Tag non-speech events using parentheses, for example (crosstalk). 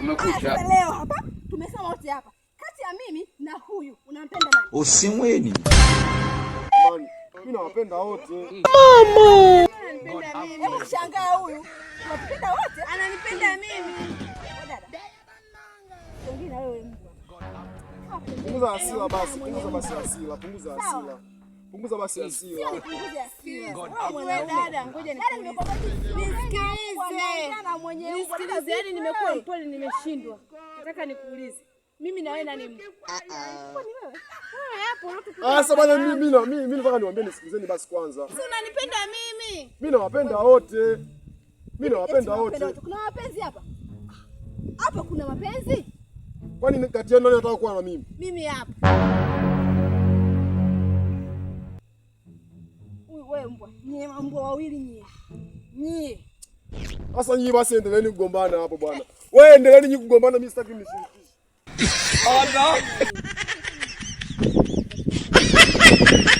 Kumekucha. Leo hapa tumesema wote hapa. Kati ya mimi na huyu unampenda nani? Usimweni. Mimi nawapenda wote. Mama. Hebu shangaa huyu. wote. Ananipenda mimi. Wengine wewe Punguza hasira basi. Punguza basi hasira. Punguza hasira. Punguza basi hasira. hasira. Ngoja dada, ngoja nikuulize mwenye nisikilize. Yaani nimekuwa mpole, nimeshindwa. Nataka nikuulize mimi na wewe nani mimi? Ah, ah. Ah, mimi nataka niwaambie, nisikilizeni basi kwanza. Si unanipenda mimi? Mimi nawapenda wote, mimi nawapenda wote. Kuna mapenzi hapa hapa, kuna mapenzi? Kwani kati yenu nani anataka kuwa na mimi? Mimi hapa. Wewe mbwa, nyie mbwa wawili nyie, nyie sasa nyinyi basi endeleeni kugombana hapo bwana. Wewe endeleeni nyinyi kugombana, mimi sitaki mnishirikishe. (laughs)